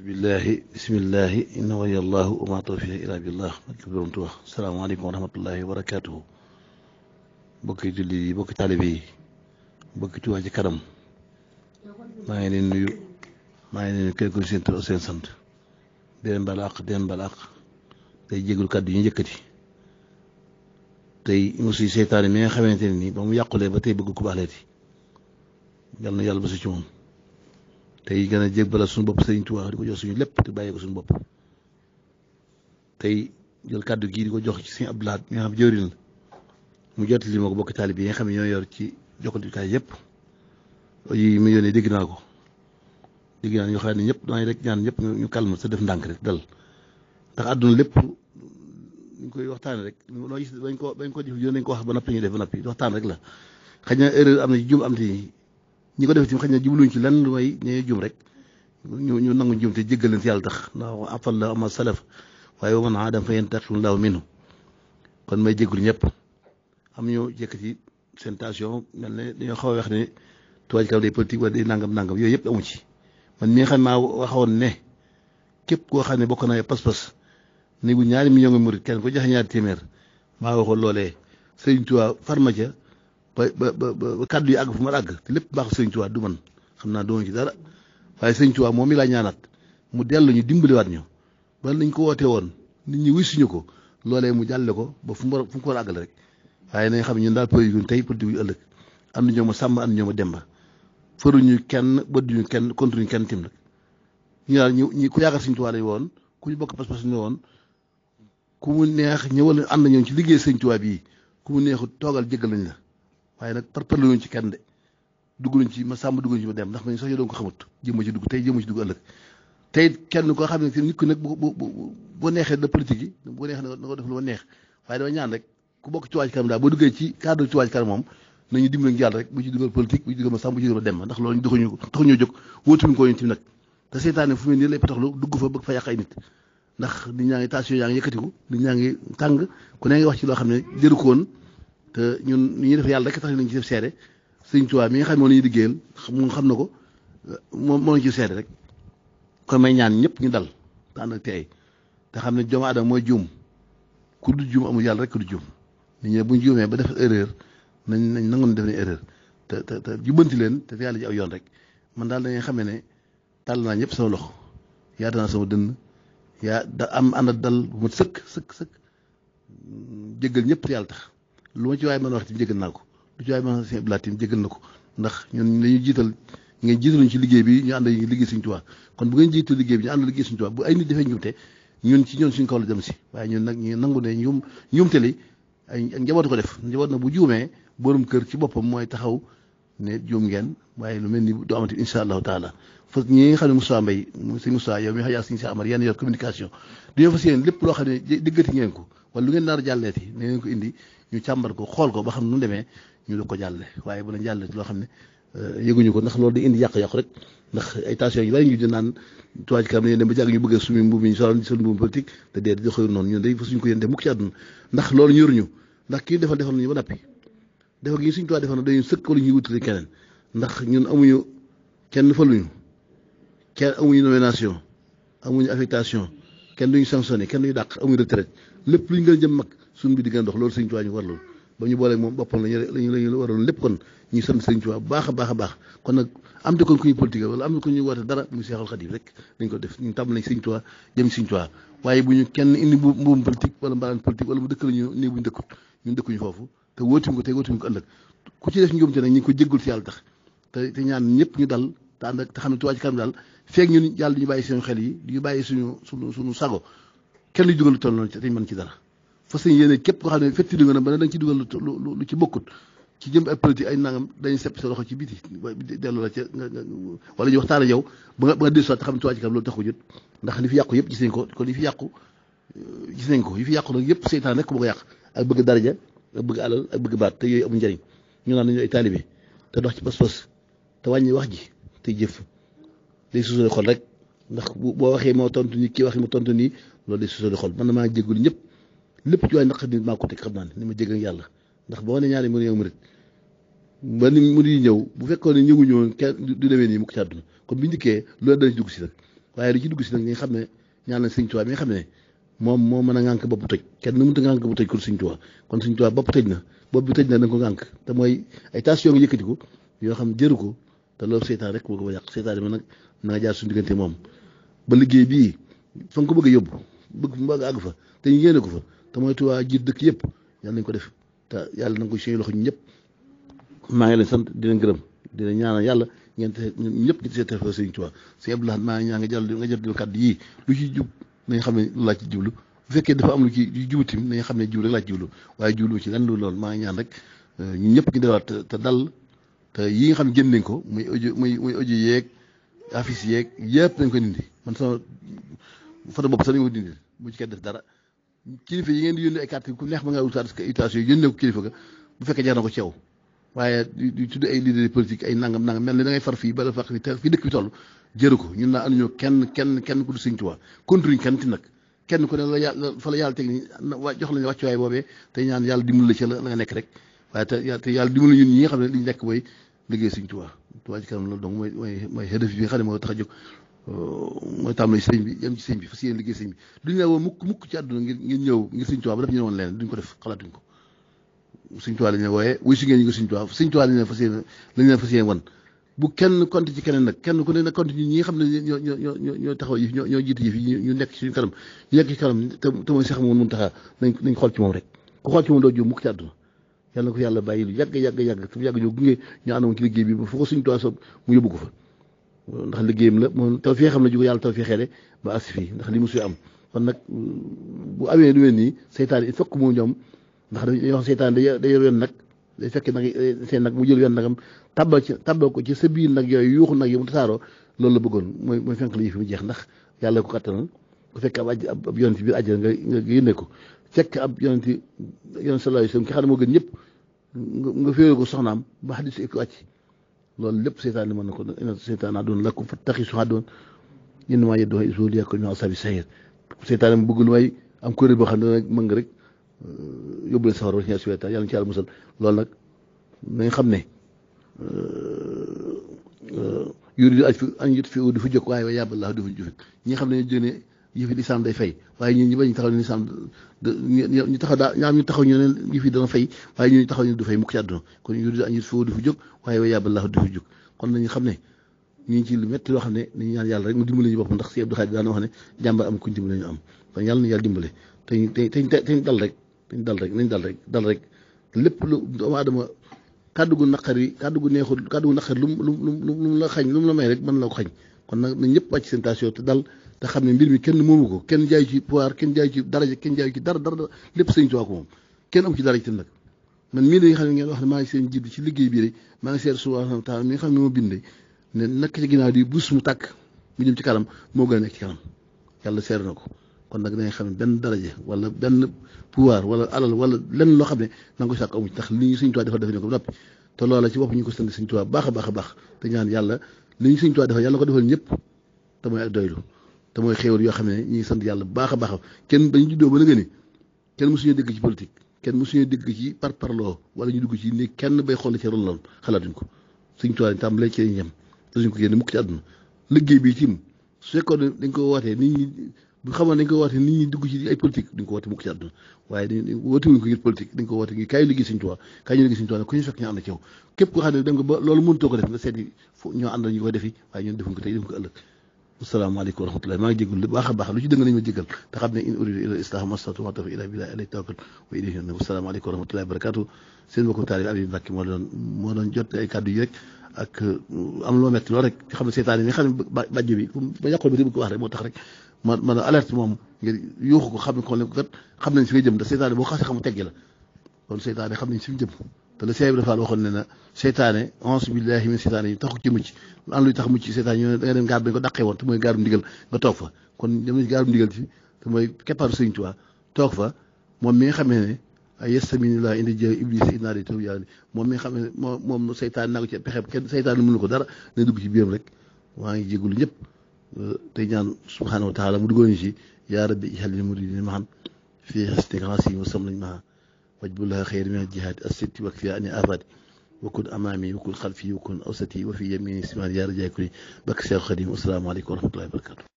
billahi bismillahi inna waliyallahu wa ma tawfiqi illa billah barke borom Tuubaa salaamaaleykum wa bokki julli yi bokki taalibe yi bokki Tuubaa ci kanam maa ngi leen nuyu maa ngi leen nuyu képp ku seen tur seen sant di leen baal àq di leen tey jégul kàddu yi ñu njëkkati tey mosu seytaane mi nga xamante ne nii ba mu yàqulee ba tey bëgg ku baaleeti yal na yàlla ba si ci moom tey gën a jébbala suñu bopp Sëriñ Tuubaa di ko jox suñu lépp te bàyyi ko suñu bopp tey jël kàddu gii di ko jox ci Sëriñ Abdou Lahad mi xam jëwriñ la mu jot li bokk taalib yi nga xam ne ñoo yor ci jokkandikaay yëpp yi mu yónnee dégg naa ko xam ne ñëpp damay rek ñaan ñëpp ñu calme sa def ndànk rek dal ndax àdduna lépp ñu koy waxtaanee rek loo gis bañ ko bañ ko def nañ ko wax ba noppi ñu def ba noppi waxtaan rek la xëy na erreur am na ci juum am te ñi ko def ci xëy na jubluñ ci lenn way ñee jum rek ñu ñu nangu jum te jéggal leen si yàlla tax ndax afal la waaye wa man aadam fa yantaqim laahu minhu ñëpp am ñu jekk ci seen tension mel xaw a wax ne tuwaaj nangam nangam yooyu yëpp amu ci man mi nga xam maa waxoon ne képp koo xam ne bokk naa pas-pas néegu ñaari mi nga murit kenn ko joxe ñaari téeméer maa waxoon loolee Sëriñ Tuubaa farma ba ba ba kàddu yi àgg fu ma àgg lépp baaxu sëñ du man xam naa doon ci dara waaye sëñ Tuubaa moom mi laa ñaanaat mu dellu ñu dimbaliwaat ñu ba nañ ko wootee woon nit ñi wisuñu ko loolee mu jàlle ko ba fu mu war fu ko war àggale rek waaye nañ xam ñun daal pël yu tey politique yu ëllëg ànd ñoo ma sàmm ànd ñoo ma demba fëruñu kenn bëdduñu kenn kontuñu kenn tim nag ñu daal ñu ñu ku yaakaar sëñ Tuubaa lañ woon ku ñu bokk pas-pas woon ku mu neex ñëwal ànd ñoom ci liggéey sëñ Tuubaa bii ku mu neexul toogal jéggal nañ la waaye nag par parlu ñu ci kenn de dugg nañ ci ma sàmm dugg nañ ci ma dem ndax man sax yow doon ko xamut jëmma ci dugg tey jëmma ci dugg ëllëg tey kenn koo xam ne nit nag bu bu bu neexee da politique yi bu neexee na ko def lu ma neex waaye dama ñaan rek ku bokk ci Touba Ca Kanam daal boo duggee ci cadre Touba Ca Kanam moom nañu dimbali ma sàmm bu ci dugal ma dem ndax loolu taxuñu taxuñoo jóg fu mel nii lay petaxlu dugg fa bëgg fa yàq ay nit ndax ñaa ngi tension yaa ngi yëkkatiku nit ñaa ngi tàng ku ne ngi wax ci loo xam ne jëru ko woon te ñun li ñuy def yàlla rek tax nañ ci def seede Sëriñ Tuubaa mi nga xam ne moo ñuy liggéeyal mu xam na ko moom moo ñu ci rek kon ñaan ñëpp ñu dal te ànd ak tey te xam ne doomu aadama mooy juum ku du juum amul yàlla rek ku du juum nit ñi ne bu ñu juumee ba def erreur nañ nañ nangoon def ne erreur te te te jubbanti leen te yàlla ji aw yoon rek man daal da ngay xamee ne tàll naa ñëpp sama loxo yaata naa sama dënn yaa da am ànd dal bu ma sëkk sëkk sëkk ñépp te yàlla tax. lu ma ci waaye mën a wax tamit jégal naa ko lu ci waaye mën a seen blaat tamit jégal na ko ndax ñun dañuy jiital ngeen jiitaluñ ci liggéey bi ñu ànd liggéey Sëñ Tuubaa kon bu ngeen jiitu liggéey bi ñu ànd liggéey Sëñ Tuubaa bu ay nit defee njuumte ñun ci ñoon la jëm si waaye ñun nag ñu nangu ne ñum njuumte li ay njaboot ko def njaboot nag bu juumee borom kër ci boppam mooy taxaw ne juum ngeen waaye lu mel ni du amati incha allahu taala fas ñi nga xam ne Moussa Mbaye sëñ Moussa yow mi xayaa sëñ Amar yenn yor communication dañoo fas yéene lépp loo xam ne déggati ngeen ko wala lu ngeen naar jàlleeti na ngeen ko indi ñu càmbar ko xool ko ba xam nu mu demee ñu du ko jàlle waaye bu la jàlle loo xam ne euh, yëguñu ko ndax loolu di indi yàq-yàq rek ndax ay tension yu bari ñu di naan tuwaaj kanam ne dem ba ñu bëggee suñu mbuum yi ñu solal suñu mbuum politique te dee di xëy noonu ñun day fa suñ ko yéen mukk ci àdduna ndax loolu ñuruñu ndax kii defal defal nañu ba nappi defal gi suñ tuwaaj defal na dañu sëkk wala ñuy wutali keneen ndax ñun amuñu kenn faluñu kenn amuñu nomination amuñu affectation kenn duñu sanctionné kenn duñu dàq amuñu retraite lépp luñ nga a jëm mag suñ bi di gën dox loolu sëñ Tuubaa ñu warloon ba ñu booleeg moom boppam lépp kon ñuy sant sëñ baax a baax a baax kon nag am te kon ku ñuy politique wala am na ku ñuy woote dara muy Seexul Xadiim rek dañ ko def ñu tàmm lañ sëñ Tuubaa jëm sëñ waaye bu ñu kenn indi mbuum politique wala mbalaan politique wala bu dëkk la ñu nii bu ñu dëkkut ñun ñu foofu te wóotuñ ko te wóotuñ ko ëllëg ku ci def njuumte nag ñu ko jéggul ci yàlla tax te te ñaan ñëpp ñu dal te ànd ak te xam ne Tuubaa ci kanam daal feeg ñun yàlla duñu bàyyi suñu xel yi duñu bàyyi suñu suñu suñu sago kenn lu jógalu toll noonu te mën ci dara fas yéene képp ko xam ne fetti nga na ba ne da nga ci dugal lu lu ci bokkut ci yëpp gis nañ fi yàqu euh, nañ ko yi fi yàqu nag yëpp seytaan rek ko bëgg yàq ak bëgg daraja ak bëgg alal ak bëgg te yooyu amul njëriñ ñu naan nañu ay taalibe te dox ci pas-pas te xol rek ndax boo waxee moo tontu ni kii waxee mu tontu nii loolu day suusale xol man na maa jéggul ñëpp lépp ci waay naqar nit maa ko teg xam naa ni ma jege yàlla ndax boo ne ñaari mën yow murit ba ni mu di ñëw bu fekkoon ne ñëwuñu woon kenn du demee nii mu ko ci àdduna kon bi njëkkee loolu dana ci dugg si nag waaye li ci dugg si nag ñi xam ne ñaan nañ Sëñ Tuubaa xam ne moom moo mën a ngànk bopp tëj kenn mënut a ngànk bopp tëj kon Sëñ Tuubaa kon Sëñ Tuubaa bopp tëj na bopp bi tëj na da ko ngànk te mooy ay taas yoo ngi yëkkati ko yoo xam jëru ko te loolu seytaan rek moo ko ba yàq seytaan yi ma nag na nga jaar suñu diggante moom ba liggéey bii fa bëgg yóbbu bëgg mu bëgg fa te ñu ko fa te mooy Tuubaa jiit dëkk yëpp yàlla nañ ko def te yàlla na ko suñu loxo ñun ñëpp maa ngi leen sant di leen gërëm di leen yàlla ngeen te ñëpp di see tefe sëñ Tuubaa sëñ Abdou Lahad maa ngi nga jàll nga jël kàddu lu ci jub nañ xam ne laa ci jublu fekkee dafa am lu ci jubutim nañ xam ne jublu laa ci waaye jublu ci lan lu loolu maa ñaan rek euh, ñun ñëpp ñu delluwaat te dal te yi nga xam ne génn nañ ko muy ojo muy muy audio yeeg affiche yeeg yëpp nañ ko dindi man sama photo bopp sax nañ ko dindi bu ci def dara kilifa yi ngeen di yónnee ay carte ku neex ma nga utaat utitation yi ko kilifa ga bu fekkee jar na ko ceew waaye du tudd ay leader politique ay nangam nangam mel ni da far fii bala far fii te fii dëkk bi toll jëru ko ñun naa anduñoo kenn kenn kenn ku du Sëñ Tuubaa konturuñ kenn ti nag kenn ku ne la yàlla fa la yàlla teg ni wa jox lañu wàccuwaay boobee te ñaan yàlla dimbali la ci la nga nekk rek waaye te yàlla dimbali ñun ñi xam ne li ñu nekk mooy liggéey Sëñ Tuubaa Tuubaa ci kanam loolu donc mooy mooy mooy Euh, mooy tàmm nañ sëñ bi yem ci sëñ bi fas yéene liggéey sëñ bi duñ la mukk mukk ci àdduna ngir ñëw ngir sëñ Tuubaa ba def ñu ne woon leneen ko def xalaatuñ ko si ñu ko sëñ ku ne nag compte ñi nga xam ne ñoo nekk ci suñu te te mooy moom mun taxaa nañ xool ci moom rek ku xool ci moom doo jóg mukk ci àdduna yàlla ko yàlla bàyyi lu yàgg yàgg yàgg su yàgg ñoo gunge ñu ànd moom ci liggéey bi ba foo ko sëñ Tuubaa soob mu yóbbu ko fa ndax liggéeyam la moom tawfiix xam na ji ko yàlla tawfiixeele ba as fii ndax li musu am kon nag bu amee lu mel nii seytaan il fokk mu ñoom ndax dañuy wax seytaan day day yor yoon nag day fekk nag seen nag mu jël yoon nagam tàbbal ci tàbbal ko ci sa biir nag yooyu yuuxu nag yi mu tasaaroo loolu la bëggoon mooy mooy fenk la yëf mu jeex ndax yàlla ko kattanal ku fekk ab aj ab yoon ci biir àjjana nga nga yónnee ko fekk ab yoon ci yoon sallallahu alayhi wasallam ki xam ne moo gën ñëpp nga féewee ko soxnaam ba xadis ko wàcc loolu lépp seytaan li mën na ko doon ina seytaan adoon lakum fattaxisu adoon yéen maa yeddu ay zoli ak ñu asabi sayir seytaan mu bëggul may am kuréel boo xam ne nag mën nga rek yóbbu leen safara ci ñaar si weta yàlla ci yàlla musal loolu nag nañ xam ne yuridu an yutfi'u du fi jëkk waaye yàbba laa du fi jufit ñi xam ne ñu jëne yëf yi lisaan day fay waaye ñun ñi bañ taxaw ñu lisaan ñu taxaw daa ñaam ñu taxaw ñu ne yëf yi dana fay waaye ñun ñu taxaw ñu du fay mukk ci àdduna kon yuridu an yutfi'u du fi waaye wa yaba Allahu du fi jóg xam ne ñu ngi ci lu metti loo xam ne dañu ñaan yàlla rek mu dimbale ñu boppam ndax si Abdou Khadre daan wax ne jàmbar am kuñ dimbale ñu am kon yàlla na yàlla dimbale te te dal rek teñ dal rek nañ dal rek dal rek lépp lu doomu aadama kàddu gu naqar yi kàddu gu neexul kàddu gu naqar lu mu lu mu la xañ lu mu la may rek mën na ko xañ kon nag nañ ñëpp wàcc seen tension te dal te xam ne mbir mi kenn moomu ko kenn jaay ci pouvoir kenn jaay ci daraja kenn jaay ci dara dara lépp sëñ Tuubaa ko kenn amu ci dara itam nag man mii xam ne ngeen wax ne maa ngi seen jidd ci liggéey bii rek maa ngi seet subhaanahu wa taala mi nga xam ne moo binde ci kanam moo gën a nekk ci seer na ko kon nag da xam benn daraja wala benn pouvoir wala alal wala lenn loo xam ne da nga koy sàkk amu ci ndax li ñu sëñ Tuubaa defal defe ne ko ba ñu ko sant sëñ Tuubaa baax a a baax ñaan yàlla li ñu sëñ Tuubaa defal ko defal ñëpp te mooy ak doylu te mooy xéewal yoo xam ne ñi ngi sant yàlla bu baax a baax kenn bañ juddoo ba la gën kenn mosuñu dégg ci politique kenn mosuñu dégg ci par parloo wala ñu dugg ci ni kenn bay xool ci ron lool xalaatuñ ko suñ tuwaay tàmbalee ci ñam te suñ ko génne mukk ci àdduna liggéey bi tim su fekkoon dañ ko wootee nit ñi bu xamoon dañ ko wootee nit ñi dugg ci ay politique duñ ko woote mukk ci àdduna waaye dañ woote wuñ ko ngir politique dañ ko woote ngir kaay liggéey suñ tuwaay kaay ñu liggéey suñ tuwaay ku ñu fekk ñu ànd ak yow képp koo xam ne dem nga ba loolu mënutoo ko def nga seeti ñoo ànd ñu koy defi waaye ñun defuñ ko tey defuñ ko ëllëg asalaamaaleykum wa rahmatulah maa ngi jégalu lu baax a baax lu ci dëng nañ ma jégal te xam ne in uridu illa islah mastatu wa tawfiqi illa billah alayhi tawakkal wa ilayhi unab asalaamaaleykum wa rahmatulah barakatu seen mbokku taalib Habib Mbacké moo doon moo doon jot ay kàddu yi rek ak uh, am loo metti lool rek xam ne seetaan yi nga xam ne bàjj bi ba yàqool bi rek bëgg ko wax rek moo tax rek ma ma ne alerte moom ngir yuuxu ko xam ne ko kat xam nañ fi nga jëm da seetaan boo xasee xam teggi la kon seetaan xam nañ fi mu jëm te la Cheikh Ibra Fall waxoon ne na seytaane onze billahi min seytaane yi taxu ci mucc an luy tax mucc ci seytaane ñu da nga dem gaar bi ko dàqee woon te mooy gaarum ndigal nga toog fa kon dem na ci gaarum ndigal ci te mooy keppaaru Sëriñ Tuubaa toog fa moom mi nga xamee ne ay yestaminila indi jë iblis inaa di taw yàlla moom mi nga xam ne moom moom seytaane naa ko ci pexeem kenn seytaane mënu ko dara ne dugg ci biiram rek waa ngi jégalu ñëpp tey ñaan subhaanahu wa taala mu duggoon ci yaa rabbi ij'al lil muridina maxan fii xasni xaasi wa samlañ maxan واجب لها خير من الجهات الست واكفئني افد وكن أمامي وكن خلفي وكن أوستي وفي يميني سمان يا رجاء كلي بكسي خديم والسلام عليكم ورحمة الله وبركاته